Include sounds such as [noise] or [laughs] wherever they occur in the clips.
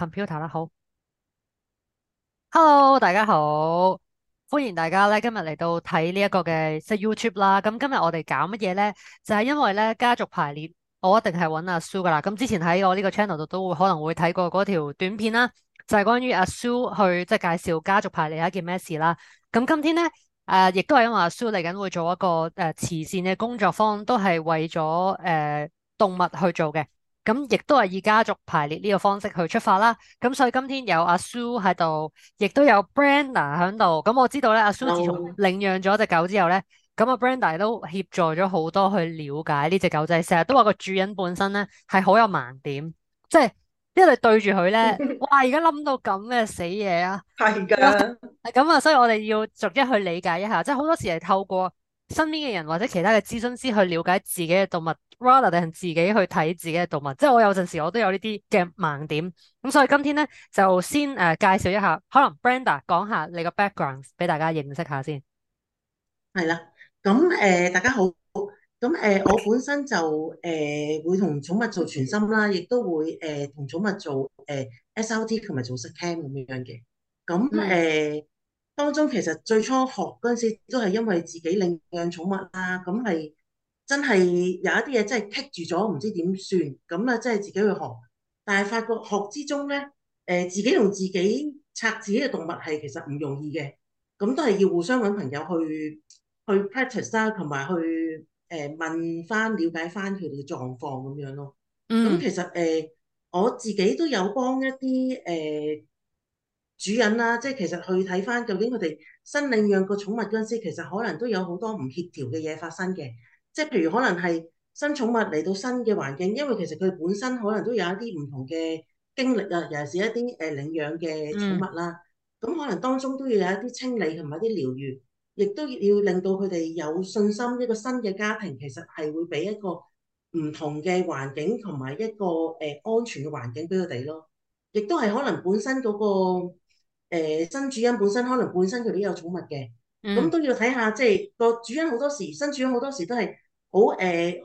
computer 啦，好，Hello，大家好，歡迎大家咧今日嚟到睇呢一個嘅即係 YouTube 啦。咁、嗯、今日我哋搞乜嘢咧？就係、是、因為咧家族排列，我一定係揾阿 Sue 噶啦。咁、嗯、之前喺我呢個 channel 度都會可能會睇過嗰條短片啦，就係、是、關於阿 Sue 去即係、就是、介紹家族排列係一件咩事啦。咁、嗯、今天咧誒，亦都係因為阿 Sue 嚟緊會做一個誒、呃、慈善嘅工作坊，都係為咗誒、呃、動物去做嘅。咁亦都係以家族排列呢個方式去出發啦。咁所以今天有阿 Sue 喺度，亦都有 Brenda 響度。咁我知道咧，阿 Sue 自從領養咗隻狗之後咧，咁阿 Brenda 都協助咗好多去了解呢隻狗仔。成日都話個主人本身咧係好有盲點，即係因為對住佢咧， [laughs] 哇！而家冧到咁嘅死嘢啊，係㗎 [laughs] [laughs] 的，係咁啊。所以我哋要逐一去理解一下，即係好多時係透過身邊嘅人或者其他嘅諮詢師去了解自己嘅動物，rather 定係自己去睇自己嘅動物。即係我有陣時我都有呢啲嘅盲點。咁所以今天咧就先誒介紹一下，可能 Brenda 講下你個 background 俾大家認識下先。係啦，咁誒、呃、大家好，咁誒、呃、我本身就誒、呃、會同寵物做全心啦，亦都會誒同寵物做誒、呃、SRT 同埋做 scan 咁樣嘅。咁誒。呃嗯當中其實最初學嗰陣時都係因為自己領養寵物啦，咁係真係有一啲嘢真係棘住咗，唔知點算，咁啊真係自己去學，但係發覺學之中咧，誒、呃、自己用自己拆自己嘅動物係其實唔容易嘅，咁都係要互相搵朋友去去 practice 啦、啊，同埋去誒、呃、問返了解返佢哋嘅狀況咁樣咯。咁其實誒、呃、我自己都有幫一啲誒。呃主人啦，即係其實去睇返究竟佢哋新領養個寵物嗰陣時，其實可能都有好多唔協調嘅嘢發生嘅。即係譬如可能係新寵物嚟到新嘅環境，因為其實佢本身可能都有一啲唔同嘅經歷啊，尤其是一啲誒領養嘅寵物啦，咁、嗯、可能當中都要有一啲清理同埋一啲療癒，亦都要令到佢哋有信心一個新嘅家庭，其實係會俾一個唔同嘅環境同埋一個誒、呃、安全嘅環境俾佢哋咯。亦都係可能本身嗰個。誒、呃、新主人本身可能本身佢都有寵物嘅，咁、嗯、都要睇下，即、就、係、是、個主人好多時，新主人好多時都係好誒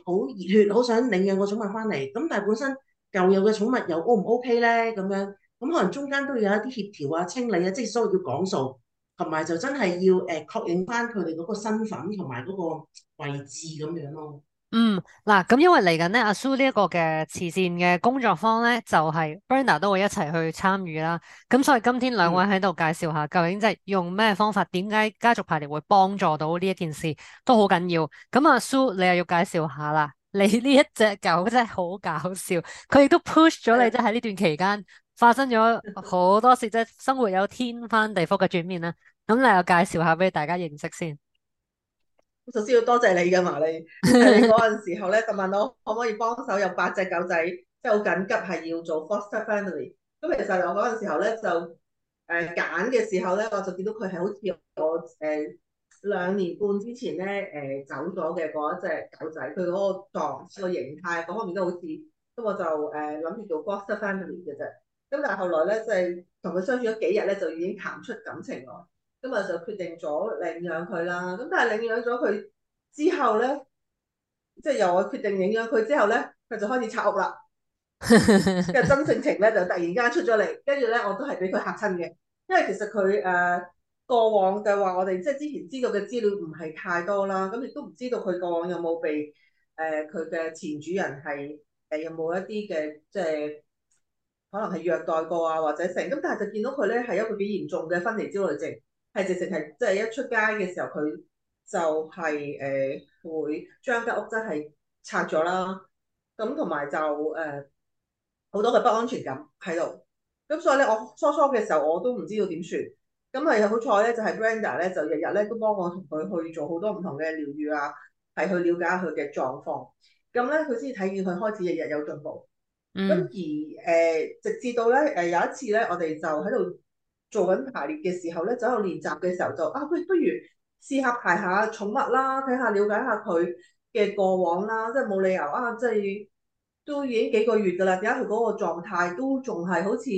好熱血，好想領養個寵物翻嚟，咁但係本身舊有嘅寵物又 O 唔 OK 咧咁樣，咁可能中間都要有一啲協調啊、清理啊，即係所以要講數，同埋就真係要誒確認翻佢哋嗰個身份同埋嗰個位置咁樣咯。嗯，嗱，咁因為嚟緊咧，阿蘇呢一個嘅慈善嘅工作坊咧，就係、是、Brenda 都會一齊去參與啦。咁所以今天兩位喺度介紹下，究竟即係用咩方法，點解家族排列會幫助到呢一件事，都好緊要。咁阿蘇，你又要介紹下啦。你呢一隻狗真係好搞笑，佢亦都 push 咗你，即係喺呢段期間發生咗好多事，即係生活有天翻地覆嘅轉變啦。咁你又介紹下俾大家認識先。首先要多謝你噶嘛，你嗰陣 [laughs] 時候咧就問我可唔可以幫手有八隻狗仔，即係好緊急係要做 foster family。咁其實我嗰陣時候咧就誒揀嘅時候咧，我就見到佢係好似我誒兩、呃、年半之前咧誒、呃、走咗嘅嗰一隻狗仔，佢嗰個狀、個形態各方面都好似，咁我就誒諗住做 foster family 嘅啫。咁但係後來咧即係同佢相處咗幾日咧，就已經談出感情咯。今日就決定咗領養佢啦，咁但係領養咗佢之後咧，即係由我決定領養佢之後咧，佢就開始拆屋啦。嘅 [laughs] 真性情咧就突然間出咗嚟，跟住咧我都係俾佢嚇親嘅，因為其實佢誒、呃、過往嘅話，我哋即係之前知道嘅資料唔係太多啦，咁亦都唔知道佢過往有冇被誒佢嘅前主人係誒有冇一啲嘅即係可能係虐待過啊，或者成，咁但係就見到佢咧係一個幾嚴重嘅分離焦慮症。係直情係，即係一出街嘅時候，佢就係、是、誒、呃、會將間屋真係拆咗啦。咁同埋就誒好、呃、多嘅不安全感喺度。咁所以咧，我初初嘅時候我都唔知道點算。咁係好彩咧，就係 Brenda 咧，就日日咧都幫我同佢去做好多唔同嘅療愈啊，係去，去了解佢嘅狀況。咁咧，佢先至睇見佢開始日日有進步。咁、嗯、而誒、呃，直至到咧誒、呃、有一次咧，我哋就喺度。做緊排列嘅時候咧，走去練習嘅時候就啊，佢不如試下排下寵物啦，睇下了解下佢嘅過往啦。即係冇理由啊，即係都已經幾個月㗎啦，點解佢嗰個狀態都仲係好似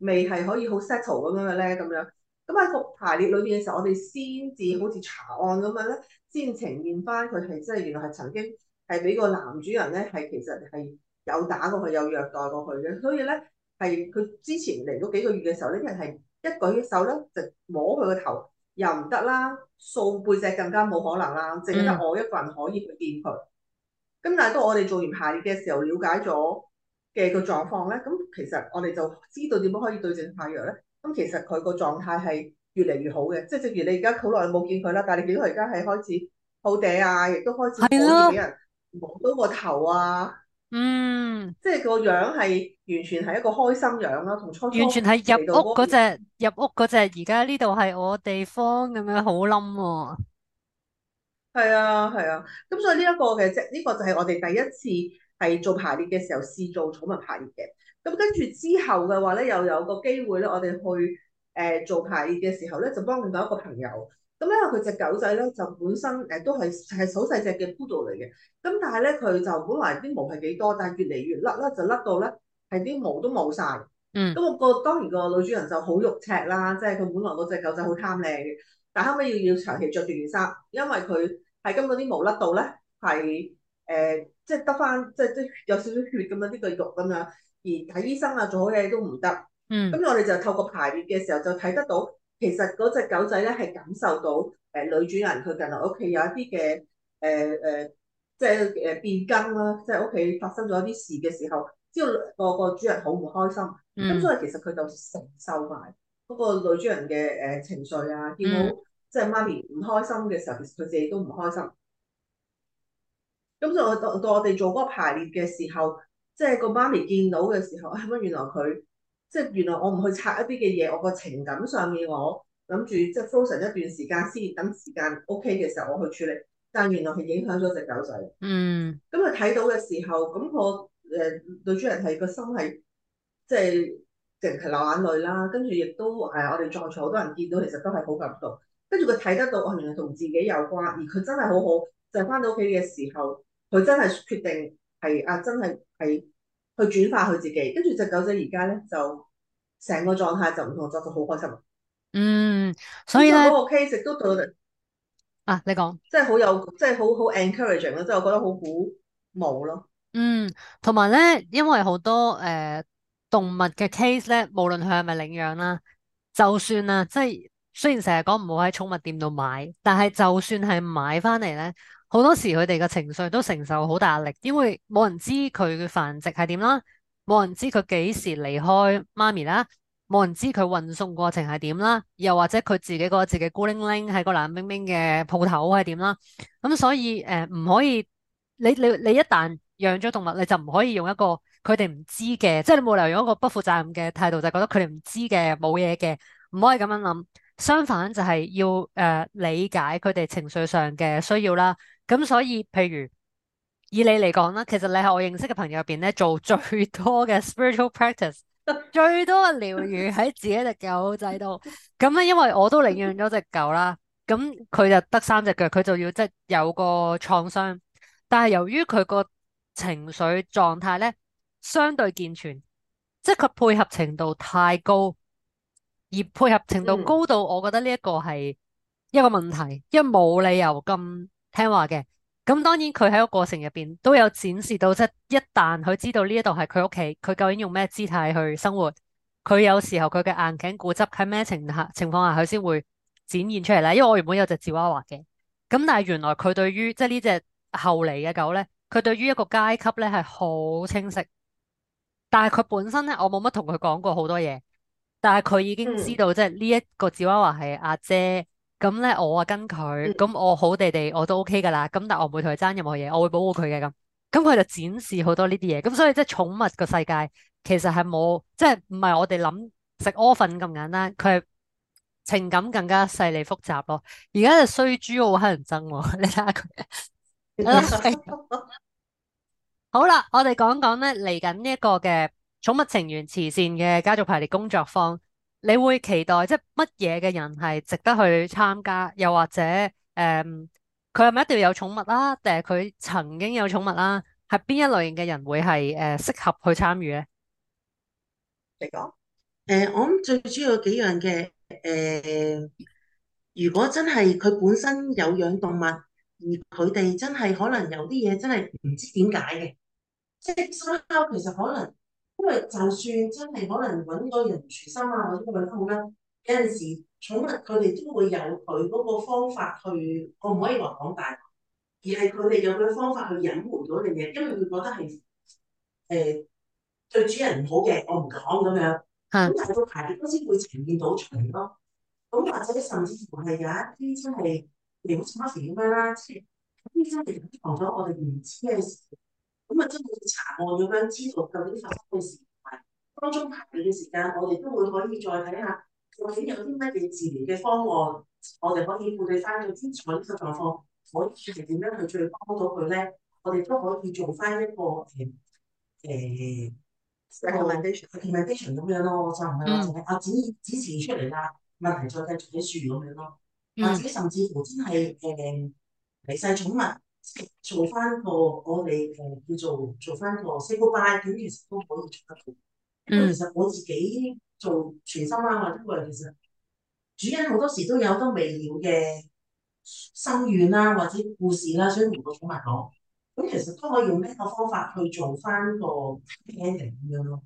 未係可以好 settle 咁樣嘅咧？咁樣咁喺個排列裏面嘅時候，我哋先至好似查案咁樣咧，先呈現翻佢係即係原來係曾經係俾個男主人咧，係其實係有打過佢，有虐待過佢嘅。所以咧，係佢之前嚟嗰幾個月嘅時候呢，啲人係。一舉一手咧，就摸佢個頭又唔得啦，掃背脊更加冇可能啦，淨係得我一個人可以去見佢。咁、嗯、但係當我哋做完排列嘅時候，了解咗嘅個狀況咧，咁其實我哋就知道點樣可以對症下藥咧。咁其實佢個狀態係越嚟越好嘅，即係正如你而家好耐冇見佢啦，但係你見到佢而家係開始好嗲啊，亦都開始好易俾人摸到個頭啊。嗯，即係個樣係完全係一個開心樣啦，同初，初完全係入屋嗰隻入屋嗰隻。而家呢度係我地方咁樣好冧喎。係啊係啊，咁、嗯嗯嗯嗯、所以呢、這、一個其實即呢個就係我哋第一次係做排列嘅時候試做寵物排列嘅。咁跟住之後嘅話咧，又有個機會咧，我哋去誒、呃、做排列嘅時候咧，就幫唔到一個朋友。咁咧，因為佢隻狗仔咧就本身誒都係係好細隻嘅 poodle 嚟嘅。咁但係咧佢就本來啲毛係幾多，但係越嚟越甩啦，就甩到咧係啲毛都冇晒。嗯，咁個當然個女主人就好肉赤啦，即係佢本來嗰隻狗仔好貪靚嘅，但後尾要要長期着住件衫，因為佢係今嗰啲毛甩到咧係誒即係得翻即係即係有少少血咁樣啲個肉咁樣，而睇醫生啊做好嘢都唔得。咁、mm. 我哋就透過排列嘅時候就睇得到。其實嗰隻狗仔咧係感受到誒女主人佢近來屋企有一啲嘅誒誒即係誒變更啦，啊，即係屋企發生咗一啲事嘅時候，之後個個主人好唔開心，咁、嗯、所以其實佢就承受埋嗰、那個女主人嘅誒情緒啊，見到即係媽咪唔開心嘅時候，其實佢自己都唔開心。咁所以到到我哋做嗰個排列嘅時候，即、就、係、是、個媽咪見到嘅時候，啊、哎、咁原來佢。即係原來我唔去拆一啲嘅嘢，我個情感上面我諗住即係 freeze 一段時間先，等時間 OK 嘅時候我去處理。但原來係影響咗隻狗仔。嗯。咁佢睇到嘅時候，咁我誒女主人係個心係即係淨係流眼淚啦，跟住亦都誒我哋在場好多人見到，其實都係好感動。跟住佢睇得到，原來係同自己有關，而佢真係好好。就返到屋企嘅時候，佢真係決定係啊，真係係。去轉化佢自己，跟住隻狗仔而家咧就成個狀態就唔同咗，就好開心。嗯，所以咧嗰個 case 都對啊，你講即係好有，即係好好 encouraging 咯，即係我覺得好鼓舞咯。嗯，同埋咧，因為好多誒、呃、動物嘅 case 咧，無論佢係咪領養啦，就算啊，即係雖然成日講唔好喺寵物店度買，但係就算係買翻嚟咧。好多時佢哋嘅情緒都承受好大壓力，因為冇人知佢嘅繁殖係點啦，冇人知佢幾時離開媽咪啦，冇人知佢運送過程係點啦，又或者佢自己覺得自己孤零零喺個冷冰冰嘅鋪頭係點啦，咁所以誒唔、呃、可以，你你你一旦養咗動物，你就唔可以用一個佢哋唔知嘅，即、就、係、是、你冇理由用一個不負責任嘅態度，就係、是、覺得佢哋唔知嘅冇嘢嘅，唔可以咁樣諗。相反就係要誒、呃、理解佢哋情緒上嘅需要啦，咁所以譬如以你嚟講啦，其實你係我認識嘅朋友入邊咧做最多嘅 spiritual practice，最多嘅療癒喺自己隻狗仔度。咁咧 [laughs] 因為我都領養咗隻狗啦，咁佢就得三隻腳，佢就要即係、就是、有個創傷。但係由於佢個情緒狀態咧相對健全，即係佢配合程度太高。而配合程度高到，嗯、我覺得呢一個係一個問題，因為冇理由咁聽話嘅。咁當然佢喺個過程入邊都有展示到，即係一旦佢知道呢一度係佢屋企，佢究竟用咩姿態去生活，佢有時候佢嘅硬頸固執喺咩情下情況下佢先會展現出嚟咧。因為我原本有隻吉娃娃嘅，咁但係原來佢對於即係呢隻後嚟嘅狗咧，佢對於一個階級咧係好清晰。但係佢本身咧，我冇乜同佢講過好多嘢。但係佢已經知道，嗯、即係呢一個指環，話係阿姐，咁咧我啊跟佢，咁我好地地我都 O K 噶啦。咁但係我唔會同佢爭任何嘢，我會保護佢嘅。咁咁佢就展示好多呢啲嘢。咁所以即係寵物個世界其實係冇，即係唔係我哋諗食鵪粉咁簡單。佢係情感更加細膩複雜咯。而家就衰豬好乞人憎喎，你睇下佢。 [laughs] [laughs] [laughs] 好啦，我哋講講咧嚟緊呢一個嘅。寵物情緣慈善嘅家族排列工作坊，你會期待即係乜嘢嘅人係值得去參加？又或者誒，佢係咪一定要有寵物啦、啊，定係佢曾經有寵物啦、啊？係邊一類型嘅人會係誒適合去參與咧？你講誒、呃，我諗最主要幾樣嘅誒、呃，如果真係佢本身有養動物，而佢哋真係可能有啲嘢真係唔知點解嘅，即係燒烤其實可能。因為就算真係可能搵個人全心啊，或者佢搵得好咧，有陣時寵物佢哋都會有佢嗰個方法去，我唔可以話講大，而係佢哋有佢方法去隱瞞到你嘅，因為佢覺得係誒、呃、對主人唔好嘅，我唔講咁樣，咁但係個排列都先會呈現到出嚟咯，咁或者甚至乎係有一啲真係料差事咁樣啦，即係醫真亦都講咗我哋唔知嘅咁啊，真係查案咁樣知道究竟發生時間，當中排隊嘅時間，我哋都會可以再睇下究竟有啲乜嘢治療嘅方案，我哋可以應對翻佢呢個狀況，可以係點樣去最幫到佢咧？我哋都可以做翻一個誒誒個 condition 咁樣咯，就唔係話淨係指指示出嚟啦，問題再繼續去算咁樣咯，或者甚至乎真係誒離世寵物。做翻個我哋誒叫做做翻個 say goodbye 咁，bye，其實都可以做得到。Mm. 其實我自己做全心啦，或者話其實主人好多時都有好多未了嘅心願啦，或者故事啦，所以同個寵物講，咁其實都可以用呢個方法去做翻個 ending 咁樣咯。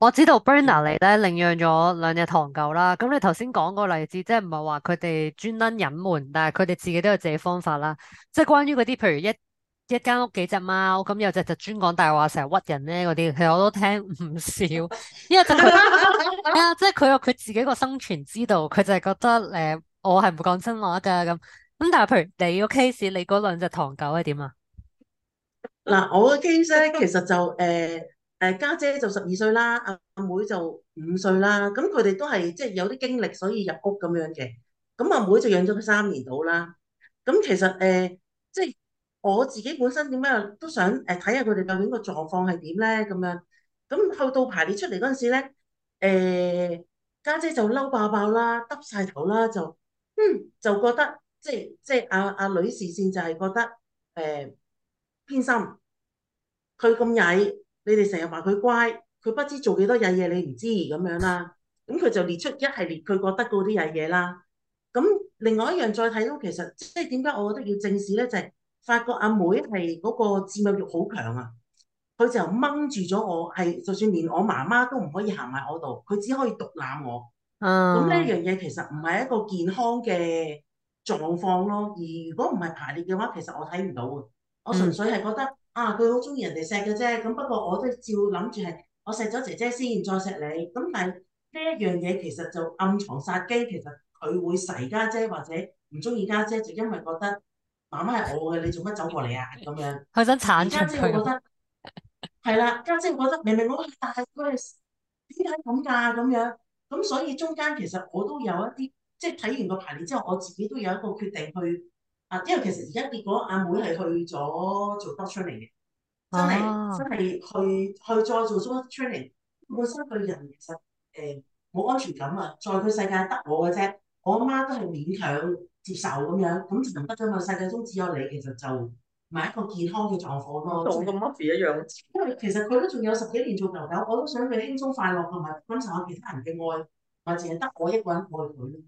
我知道 Brenda 嚟咧領養咗兩隻糖狗啦，咁你頭先講個例子，即係唔係話佢哋專登隱瞞，但係佢哋自己都有自己方法啦。即係關於嗰啲，譬如一一間屋幾隻貓，咁有隻就專講大話，成日屈人咧嗰啲，其實我都聽唔少。因為 [laughs] [laughs] 啊，即係佢有佢自己個生存之道，佢就係覺得誒、呃，我係唔講真話噶咁咁。但係譬如你個 case，你嗰兩隻糖狗係點啊？嗱，我個 case 咧，其實就誒。呃誒家姐就十二歲啦，阿阿妹就五歲啦，咁佢哋都係即係有啲經歷，所以入屋咁樣嘅。咁阿妹就養咗佢三年到啦。咁其實誒，即係我自己本身點解都想誒睇下佢哋究竟個狀況係點咧？咁樣咁去到排列出嚟嗰陣時咧，誒家姐就嬲爆爆啦，耷晒頭啦，就嗯就覺得即係即係阿阿女視線就係覺得誒偏心，佢咁曳。你哋成日話佢乖，佢不知做幾多嘢嘢，你唔知咁樣啦。咁佢就列出一系列佢覺得嗰啲嘢嘢啦。咁另外一樣再睇到，其實即係點解我覺得要正視咧，就係、是、發覺阿妹係嗰個佔有欲好強啊。佢就掹住咗我，係就算連我媽媽都唔可以行埋我度，佢只可以獨攬我。咁呢、嗯、樣嘢其實唔係一個健康嘅狀況咯。而如果唔係排列嘅話，其實我睇唔到嘅。我純粹係覺得、嗯。啊！佢好中意人哋錫嘅啫，咁不過我都照諗住係我錫咗姐姐先，再錫你。咁但係呢一樣嘢其實就暗藏殺機，其實佢會噬家姐，姐或者唔中意家姐，就因為覺得媽媽係我嘅，你做乜走過嚟啊？咁樣佢想鏟家姐，姐我覺得係啦，家 [laughs] 姐，姐覺得明明我係大哥，點解咁噶咁樣、啊？咁所以中間其實我都有一啲，即係睇完個排列之後，我自己都有一個決定去。妹妹啊，欸、因為其實而家結果阿妹係去咗做德春嚟嘅，真係真係去去再做 special training。本身佢人其實誒冇安全感啊，在佢世界得我嘅啫。我阿媽都係勉強接受咁樣，咁就唔得咗嘛。世界中只有你，其實就唔係一個健康嘅狀況咯。同個媽咪一樣，因為其實佢都仲有十幾年做牛豆，我都想佢輕鬆快樂，同埋分享下其他人嘅愛，或者淨係得我一個人愛佢。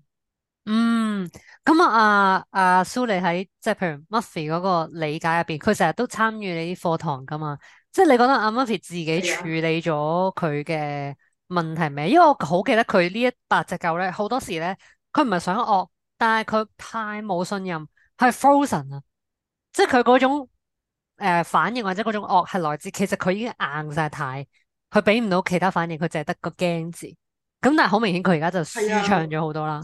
嗯，咁啊，阿阿 Sue 你喺即係譬如 Muffy 嗰個理解入邊，佢成日都參與你啲課堂噶嘛，即係你覺得阿、啊、Muffy 自己處理咗佢嘅問題咩？啊、因為我好記得佢呢一百隻狗咧，好多時咧，佢唔係想惡，但係佢太冇信任，係 Frozen 啊，即係佢嗰種誒、呃、反應或者嗰種惡係來自其實佢已經硬晒太，佢俾唔到其他反應，佢淨係得個驚字。咁但係好明顯佢而家就舒暢咗好多啦。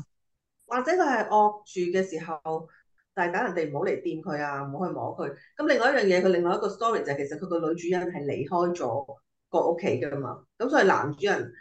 或者佢係惡住嘅時候，但係等人哋唔好嚟掂佢啊，唔好去摸佢。咁另外一樣嘢，佢另外一個 story 就係、是、其實佢個女主人係離開咗個屋企㗎嘛。咁所以男主人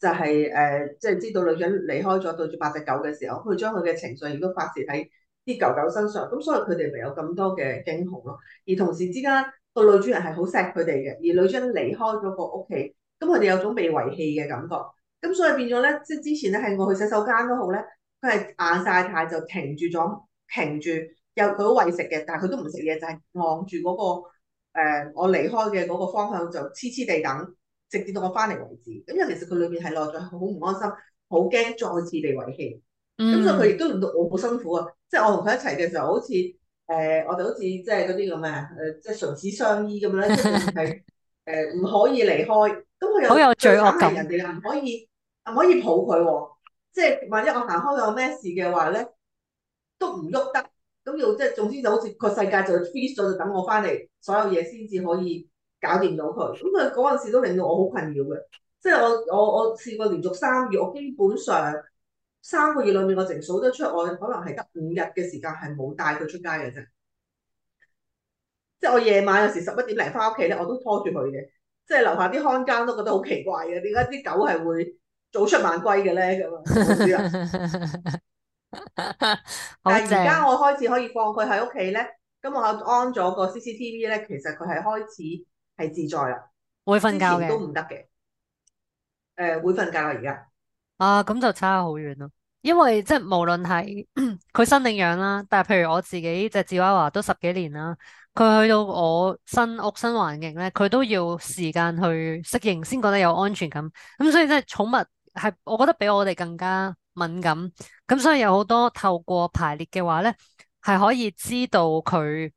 就係、是、誒，即、呃、係、就是、知道女主人離開咗，對住八隻狗嘅時候，佢將佢嘅情緒如果發泄喺啲狗狗身上。咁所以佢哋咪有咁多嘅驚恐咯。而同時之間，個女主人係好錫佢哋嘅，而女主人離開咗個屋企，咁佢哋有種被遺棄嘅感覺。咁所以變咗咧，即係之前咧，係我去洗手間都好咧。佢係眼晒太，停停就停住咗，停住又佢好為食嘅，但係佢都唔食嘢，就係望住嗰個、uh, 我離開嘅嗰個方向就黐黐地等，直至到我翻嚟為止。咁因為其實佢裏邊係落咗好唔安心，好驚再次被遺棄。咁、mm、所以佢亦都唔到我好辛苦啊，即係我同佢一齊嘅時候好，uh, 好似誒我哋好似即係嗰啲咁咩？誒即係唇齒相依咁樣咧，係誒唔可以離開，都好有，有罪惡感。人哋又唔可以唔可以抱佢喎、啊。即係萬一我行開有咩事嘅話咧，都唔喐得，咁又即係總之就好似個世界就 freeze 咗，就等我翻嚟，所有嘢先至可以搞掂到佢。咁佢嗰陣時都令到我好困擾嘅。即係我我我試過連續三月，我基本上三個月裏面數都出，我淨數得出我可能係得五日嘅時間係冇帶佢出街嘅啫。即係我夜晚有時十一點嚟翻屋企咧，我都拖住佢嘅。即係樓下啲看更都覺得好奇怪嘅，點解啲狗係會？早出晚歸嘅咧咁啊！ [laughs] 但而家我開始可以放佢喺屋企咧，咁我安咗個 CCTV 咧，其實佢係開始係自在啦、呃。會瞓覺嘅都唔得嘅。誒會瞓覺而家。啊，咁就差好遠咯。因為即係無論係佢 [coughs] 新領養啦，但係譬如我自己隻吉娃娃都十幾年啦，佢去到我新屋新環境咧，佢都要時間去適應先覺得有安全感。咁所以即係寵物。係，我覺得比我哋更加敏感，咁所以有好多透過排列嘅話咧，係可以知道佢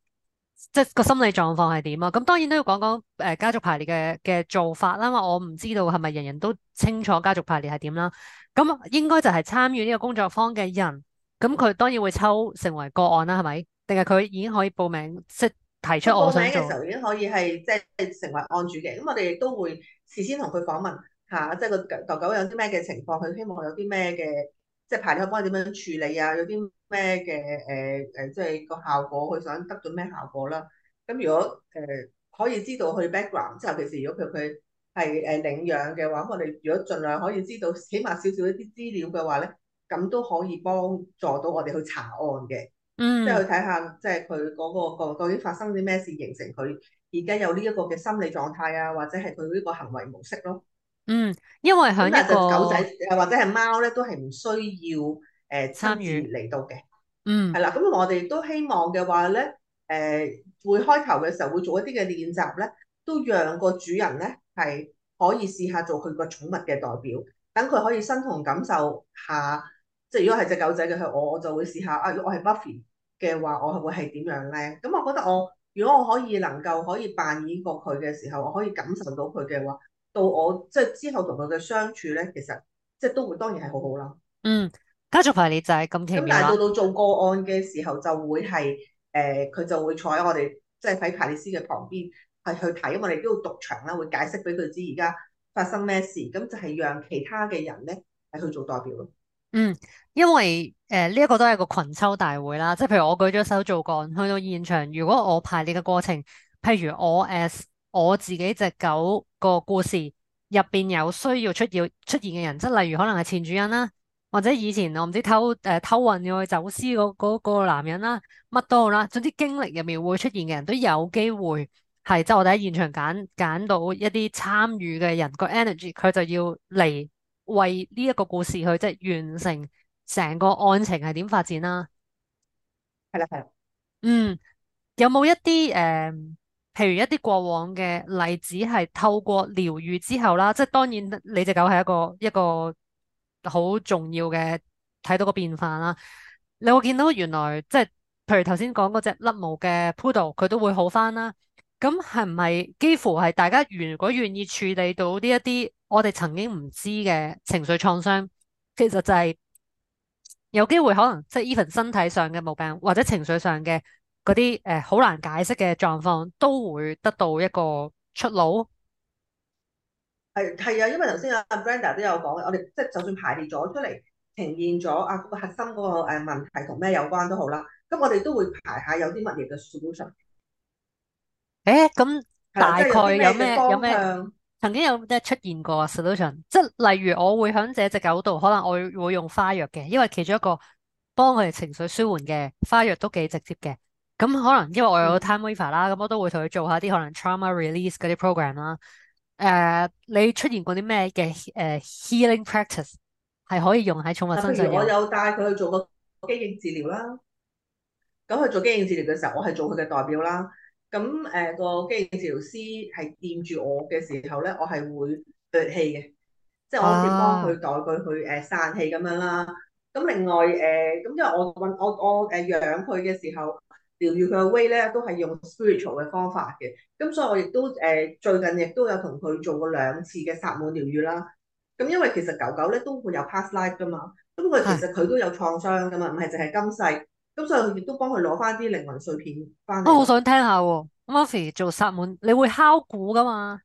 即係個心理狀況係點咯。咁當然都要講講誒、呃、家族排列嘅嘅做法啦。我唔知道係咪人人都清楚家族排列係點啦。咁應該就係參與呢個工作坊嘅人，咁佢當然會抽成為個案啦，係咪？定係佢已經可以報名即係提出我想做。報名嘅時候已經可以係即係成為案主嘅。咁我哋都會事先同佢訪問。吓、啊！即係個狗狗有啲咩嘅情況，佢希望有啲咩嘅，即係排列幫佢點樣處理啊？有啲咩嘅誒誒，即係個效果，佢想得到咩效果啦？咁、啊、如果誒、呃、可以知道佢 background，即係尤其是如果佢佢係誒領養嘅話，我哋如果儘量可以知道，起碼少少一啲資料嘅話咧，咁都可以幫助到我哋去查案嘅、mm.，即係去睇下即係佢嗰個究竟、嗰個、發生啲咩事，形成佢而家有呢一個嘅心理狀態啊，或者係佢呢個行為模式咯。嗯，因為響隻狗仔或者係貓咧，都係唔需要誒參與嚟到嘅。嗯，係啦，咁我哋都希望嘅話咧，誒、呃、會開頭嘅時候會做一啲嘅練習咧，都讓個主人咧係可以試下做佢個寵物嘅代表，等佢可以身同感受下。即、就、係、是，如果係隻狗仔嘅，我我就會試下啊。如果我係 Buffy 嘅話，我係會係點樣咧？咁、嗯、我覺得我如果我可以能夠可以扮演過佢嘅時候，我可以感受到佢嘅話。到我即係之後同佢嘅相處咧，其實即係都會當然係好好啦。嗯，家族排列就係咁奇妙啦。咁但係到到做個案嘅時候，就會係誒佢就會坐喺我哋即係喺排列師嘅旁邊係去睇，我哋都要讀場啦，會解釋俾佢知而家發生咩事，咁就係讓其他嘅人咧係去做代表咯。嗯，因為誒呢、呃這個、一個都係個群抽大會啦，即係譬如我舉咗手做個案，去到現場，如果我排列嘅過程，譬如我 s 我自己隻狗個故事入邊有需要出要出現嘅人，即係例如可能係前主人啦，或者以前我唔知偷誒、呃、偷運又去走私嗰嗰、那個那個男人啦，乜都好啦，總之經歷入面會出現嘅人都有機會係，即、就、係、是、我哋喺現場揀揀到一啲參與嘅人個 energy，佢就要嚟為呢一個故事去即係、就是、完成成個案情係點發展啦。係啦係啦，嗯，有冇一啲誒？呃譬如一啲過往嘅例子係透過療癒之後啦，即係當然你隻狗係一個一個好重要嘅睇到個變化啦。你會見到原來即係譬如頭先講嗰隻甩毛嘅 Poodle，佢都會好翻啦。咁係唔係幾乎係大家如果願意處理到呢一啲我哋曾經唔知嘅情緒創傷，其實就係有機會可能即係 even 身體上嘅毛病或者情緒上嘅。嗰啲誒好難解釋嘅狀況都會得到一個出路。係，係啊，因為頭先阿 Brenda 都有講，我哋即係就算排列咗出嚟，呈現咗啊個核心嗰個誒問題同咩有關都好啦。咁我哋都會排下有啲乜嘢嘅 solution。誒咁、欸、大概有咩、就是、有咩曾經有咩出現過 solution？即係例如我會響這隻狗度，可能我會用花藥嘅，因為其中一個幫佢哋情緒舒緩嘅花藥都幾直接嘅。咁、嗯嗯、可能因為我有 TimeWaver 啦，咁我都會同佢做下啲可能 trauma release 嗰啲 program 啦。誒、uh，你出現過啲咩嘅誒 healing practice 係可以用喺寵物身上？我有帶佢去做個機境治療啦。咁去做機境治療嘅時候，我係做佢嘅代表啦。咁誒、那個機境治療師係掂住我嘅時候咧，我係會啜氣嘅，即、就、係、是、我先幫佢代佢、啊、去誒散、呃、氣咁樣啦。咁另外誒，咁因為我我我誒養佢嘅時候。療愈佢嘅 way 咧，都係用 spiritual 嘅方法嘅。咁、嗯、所以我亦都誒、呃、最近亦都有同佢做過兩次嘅薩滿療愈啦。咁、嗯、因為其實狗狗咧都會有 past life 噶嘛，咁、嗯、佢其實佢都有創傷噶嘛，唔係淨係今世。咁、嗯、所以佢亦都幫佢攞翻啲靈魂碎片翻嚟。我好想聽下、啊、Muffy 做薩滿，你會敲鼓噶嘛？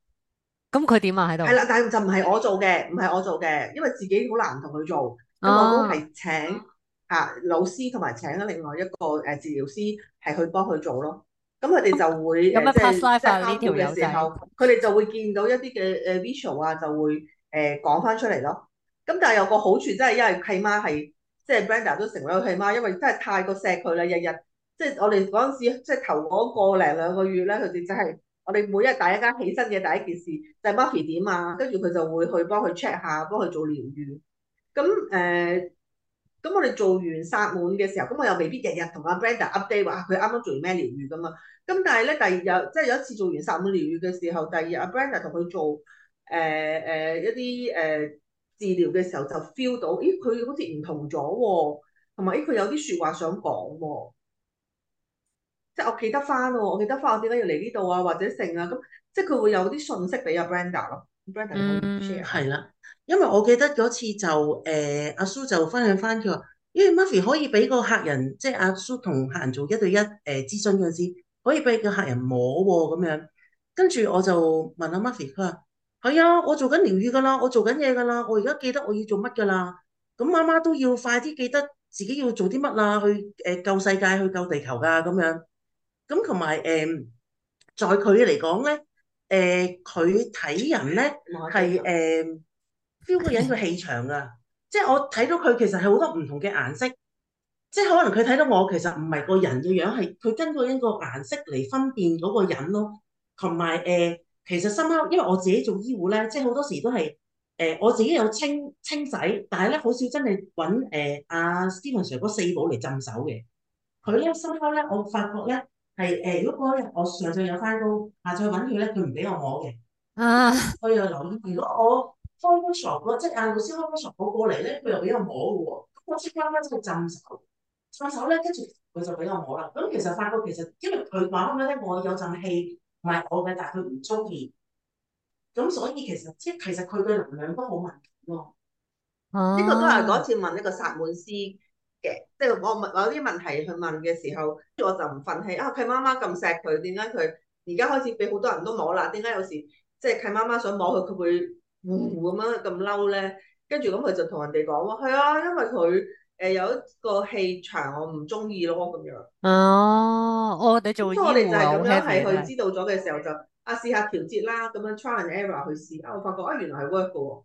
咁佢點啊喺度？係啦，但係就唔係我做嘅，唔係我做嘅，因為自己好難同佢做，咁、嗯啊、我都係請。嚇、啊，老師同埋請咗另外一個誒治療師係去幫佢做咯。咁佢哋就會、啊、即係呢條嘅時候，佢哋、啊、就會見到一啲嘅誒 visual 啊，啊就會誒講返出嚟咯。咁但係有個好處，真係因為契媽係即係 Brenda 都成為咗契媽，因為真係太過錫佢啦。日日即係我哋嗰陣時，即係頭嗰個零兩個月咧，佢哋真係我哋每日第一間起身嘅第一件事就係、是、Muffy 點啊，跟住佢就會去幫佢 check 下，幫佢做療癒。咁誒。呃咁我哋做完薩滿嘅時候，咁我又未必日日同阿 Brenda update 話佢啱啱做完咩療癒㗎嘛。咁但係咧，第二日，即係有一次做完薩滿療癒嘅時候，第二日阿 Brenda 同佢做誒誒、呃呃、一啲誒、呃、治療嘅時候就，就 feel 到咦佢好似唔同咗喎、哦，同埋咦佢有啲説話想講喎、哦，即係我記得返喎，我記得返我點解要嚟呢度啊，或者剩啊咁，即係佢會有啲訊息俾阿 Brenda 咯，Brenda 同佢 share 係啦。因為我記得嗰次就誒阿 Sue 就分享翻佢話，因為 Muffy 可以俾個客人，即係阿 Sue 同客人做一對一誒諮詢嗰陣時，可以俾個客人摸喎咁樣。跟住我就問阿 Muffy，佢話：係啊，我做緊療愈噶啦，我做緊嘢噶啦，我而家記得我要做乜噶啦。咁媽媽都要快啲記得自己要做啲乜啦，去誒救世界，去救地球噶咁樣。咁同埋誒，在佢嚟講咧，誒佢睇人咧係誒。嗯標 [laughs] 個人個氣場啊，即係我睇到佢其實係好多唔同嘅顏色，即係可能佢睇到我其實唔係個人嘅樣，係佢根據一個顏色嚟分辨嗰個人咯。同埋誒，其實深刻，因為我自己做醫護咧，即係好多時都係誒、呃、我自己有清清仔，但係咧好少真係揾誒阿、呃啊、Steven Sir 嗰四寶嚟浸手嘅。佢咧深刻咧，我發覺咧係誒，如果日我上晝有翻工，下晝去揾佢咧，佢唔俾我摸嘅。啊， [laughs] 所以我留意，如果我開開鎖嗰即係啊老師開開鎖，我過嚟咧，佢又俾我摸嘅喎。我次媽媽佢浸手，浸手咧，跟住佢就俾我摸啦。咁其實發覺，其實因為佢媽媽咧，我有陣氣唔係我嘅，但係佢唔中意。咁所以其實即係其實佢對能量都好敏感咯。呢、嗯、個都係嗰次問一個薩滿師嘅，即係我問我有啲問題去問嘅時候，我就唔忿氣啊！契媽媽咁錫佢，點解佢而家開始俾好多人都摸啦？點解有時即係契媽媽想摸佢，佢會？咁、嗯、樣咁嬲咧，呢跟住咁佢就同人哋講話係啊，因為佢誒、呃、有一個氣場我唔中意咯咁樣哦。哦，我哋做醫護好聽嘅。即係我哋就係咁樣係去、哦、知道咗嘅時候就啊試下調節啦，咁樣 try and error 去試啊，我發覺啊原來係 work 嘅喎、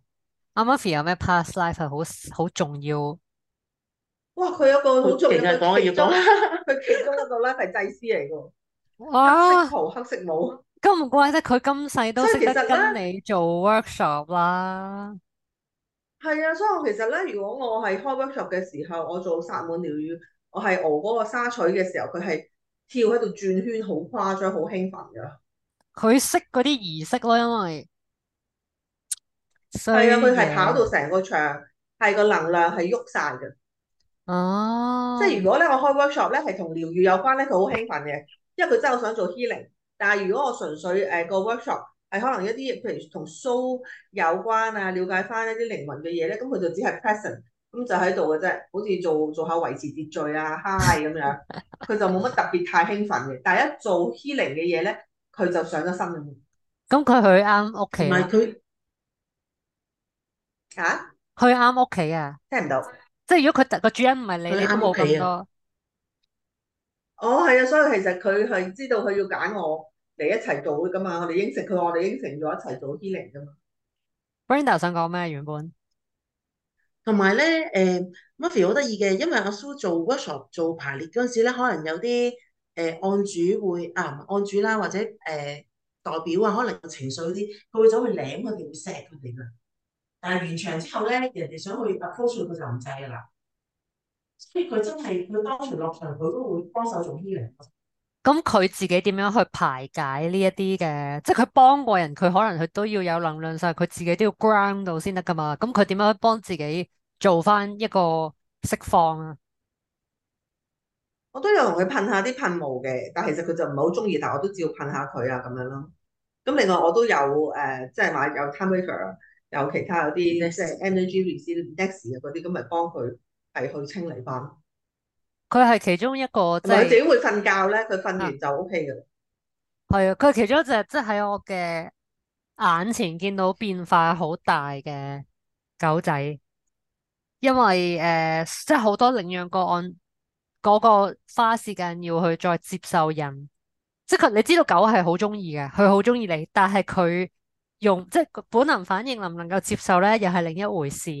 啊。Muffy 有咩 past life 係好好重要？哇！佢有一個好重要嘅其中，佢、啊、 [laughs] 其中一個咧係祭司嚟嘅，黑色袍黑色帽。咁唔怪得佢咁細都識得跟你做 workshop 啦。係啊，所以我其實咧，如果我係開 workshop 嘅時候，我做薩滿療癒，我係熬嗰個沙錘嘅時候，佢係跳喺度轉圈，好誇張，好興奮噶。佢識嗰啲儀式咯，因為係啊，佢係跑到成個場，係個能量係喐晒噶。哦、啊，即係如果咧，我開 workshop 咧，係同療癒有關咧，佢好興奮嘅，因為佢真係想做 healing。但係如果我純粹誒、呃、個 workshop 係可能一啲譬如同 Soul 有關啊，了解翻一啲靈魂嘅嘢咧，咁佢就只係 present，咁就喺度嘅啫，好似做做下維持秩序啊 high 咁樣，佢 [laughs] 就冇乜特別太興奮嘅。但係一做 healing 嘅嘢咧，佢就上咗心裏面。咁佢去啱屋企？唔係佢嚇，去啱屋企啊！聽唔到，即係如果佢個主人唔係你，你都冇咁多。哦，係啊、oh，所以其實佢係知道佢要揀我嚟一齊做噶嘛，我哋應承佢，我哋應承咗一齊做 healing 啫嘛。Brenda 想講咩，原本？同埋咧，誒、欸、Muffy 好得意嘅，因為阿 Sue 做 workshop 做排列嗰陣時咧，可能有啲誒案主會啊案主啦，或者誒、呃、代表啊，可能有情緒啲，佢會走去舐佢哋，會錫佢哋㗎。但係完場之後咧，人哋想去 approach 佢就唔制㗎啦。所以佢真係佢當場落場，佢都會幫手做 healing 咁佢自己點樣去排解呢一啲嘅？即係佢幫過人，佢可能佢都要有能量晒，佢自己都要 ground 到先得噶嘛。咁佢點樣幫自己做翻一個釋放啊？我都有同佢噴下啲噴霧嘅，但係其實佢就唔係好中意，但係我都照噴下佢啊，咁樣咯。咁另外我都有誒、呃，即係買有 timer，有其他有啲即係 energy drink、er、e x 嗰啲，咁咪幫佢。係去清理翻，佢係其中一個即係佢自己會瞓覺咧。佢瞓完就 O K 㗎喇。係啊，佢其中一隻即係喺我嘅眼前見到變化好大嘅狗仔，因為誒，即係好多領養個案，嗰個花時間要去再接受人，即係佢你知道狗係好中意嘅，佢好中意你，但係佢用即係本能反應能唔能夠接受咧，又係另一回事。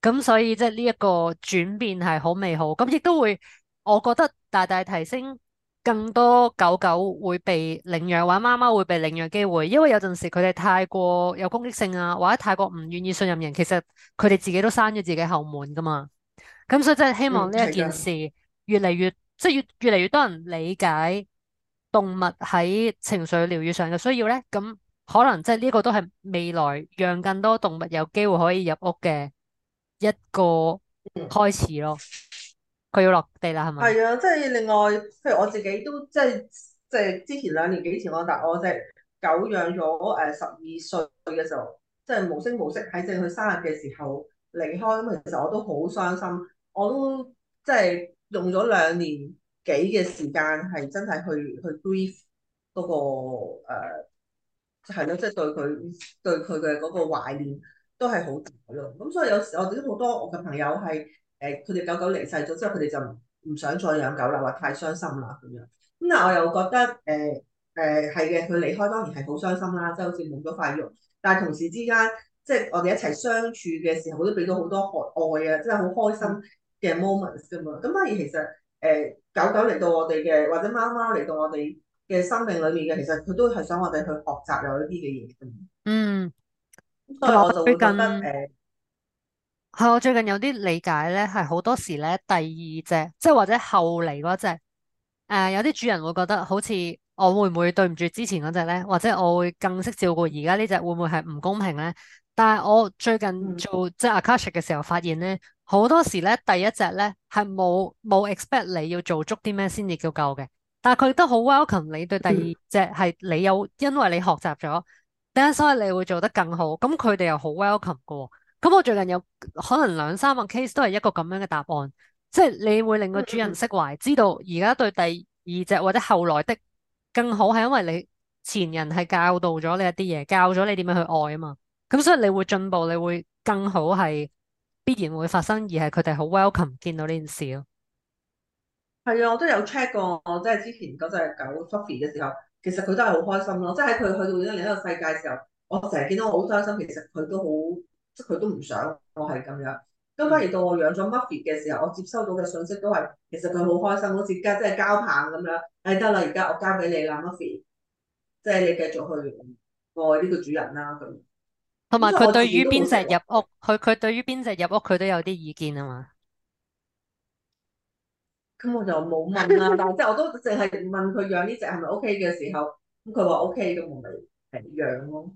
咁、嗯、所以即係呢一個轉變係好美好，咁亦都會，我覺得大大提升更多狗狗會被領養，或者媽媽會被領養機會。因為有陣時佢哋太過有攻擊性啊，或者太過唔願意信任人，其實佢哋自己都閂咗自己後門噶嘛。咁、嗯、所以真係希望呢一件事越嚟越、嗯、越、越即係越越嚟越多人理解動物喺情緒療癒上嘅需要咧，咁可能即係呢個都係未來讓更多動物有機會可以入屋嘅，一個開始咯，佢、嗯、要落地啦，係咪？係啊，即係另外，譬如我自己都即係，即係之前兩年幾前我，我但我隻狗養咗誒十二歲嘅時候，即係無聲無息喺正佢生日嘅時候離開，咁其實我都好傷心，我都即係用咗兩年幾嘅時間係真係去去 grief 嗰個誒係咯，即係、那個 uh，對佢對佢嘅嗰個懷念。都係好咯，咁所以有時我哋都好多我嘅朋友係誒，佢哋狗狗離世咗之後，佢哋就唔想再養狗啦，話太傷心啦咁樣。咁但係，我又覺得誒誒係嘅，佢、呃、離開當然係、就是、好傷心啦，即係好似冇咗塊肉。但係同時之間，即、就、係、是、我哋一齊相處嘅時候，都俾到好多愛啊，即係好開心嘅 moment 㗎嘛。咁而其實誒、呃、狗狗嚟到我哋嘅，或者貓貓嚟到我哋嘅生命裏面嘅，其實佢都係想我哋去學習有一啲嘅嘢嗯。我最近係 [music] 我最近有啲理解咧，係好多時咧第二隻，即係或者後嚟嗰隻，誒、呃、有啲主人會覺得好似我會唔會對唔住之前嗰隻咧，或者我會更識照顧而家呢隻會唔會係唔公平咧？但係我最近做、嗯、即係阿卡西嘅時候，發現咧好多時咧第一隻咧係冇冇 expect 你要做足啲咩先至叫夠嘅，但係佢都好 welcome 你對第二隻係你有因為你學習咗。嗯所以你會做得更好，咁佢哋又好 welcome 嘅喎、哦。咁我最近有可能兩三個 case 都係一個咁樣嘅答案，即係你會令個主人釋懷，嗯嗯，知道而家對第二隻或者後來的更好係因為你前人係教導咗你一啲嘢，教咗你點樣去愛啊嘛。咁所以你會進步，你會更好係必然會發生，而係佢哋好 welcome 見到呢件事咯。係啊，我都有 check 過，即係之前嗰隻狗嘅時候。其實佢都係好開心咯，即係喺佢去到另一個世界嘅時候，我成日見到我好傷心，其實佢都好，即係佢都唔想我係咁樣。咁反而到我養咗 Muffy 嘅時候，我接收到嘅信息都係，其實佢好開心，好似而家真係交棒咁樣。哎得啦，而家我交俾你啦，Muffy，即係你繼續去愛呢、哦這個主人啦咁。同埋佢對於邊隻入屋，佢佢對於邊隻入屋，佢都有啲意見啊嘛。咁我就冇問啦，即係 [laughs] 我都淨係問佢養呢隻係咪 OK 嘅時候，咁佢話 OK，咁我咪養咯。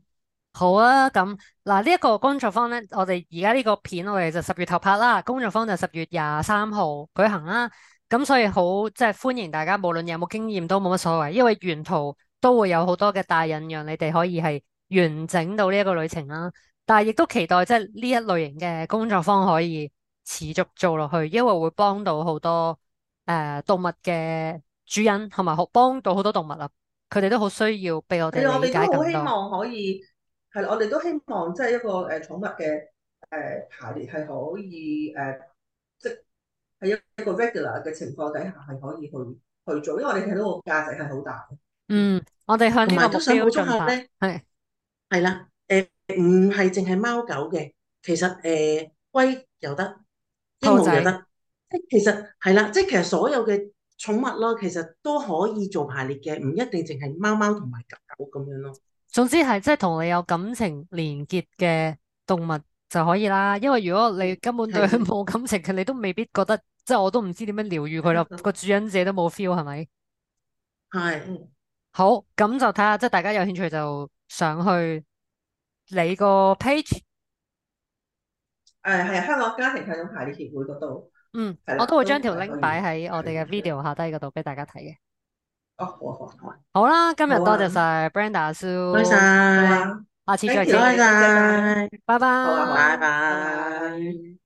好啊，咁嗱呢一個工作坊咧，我哋而家呢個片我哋就十月頭拍啦，工作坊就十月廿三號舉行啦。咁所以好即係歡迎大家，無論有冇經驗都冇乜所謂，因為沿途都會有好多嘅大引讓，讓你哋可以係完整到呢一個旅程啦。但係亦都期待即係呢一類型嘅工作坊可以持續做落去，因為會幫到好多。誒、呃，動物嘅主人，同埋學幫到好多動物啦，佢哋都好需要畀我哋理解更多。我哋都好希望可以係啦，我哋都希望即係一個誒寵物嘅誒排列係可以誒、呃、即係一個 regular 嘅情況底下係可以去去做，因為我哋睇到個價值係好大。嗯，我哋向埋都想好綜合咧，係係啦，誒唔係淨係貓狗嘅，其實誒龜又得，鸚鵡又得。即其實係啦，即係其實所有嘅寵物咯，其實都可以做排列嘅，唔一定淨係貓貓同埋狗咁樣咯。總之係即係同你有感情連結嘅動物就可以啦。因為如果你根本對佢冇感情嘅，的你都未必覺得，即係我都唔知點樣療癒佢咯。個的主人者都冇 feel 係咪？係的，好，咁就睇下，即係大家有興趣就上去你個 page。誒、哎，係香港家庭系統排列協會嗰度。.嗯，嗯我都會將條 link 擺喺我哋嘅 video 下低嗰度俾大家睇嘅。oh。好，好，好啦一，今日多謝晒，Brenda、啊、阿蘇蘇，拜拜，下次再見，拜拜，拜拜。拜拜。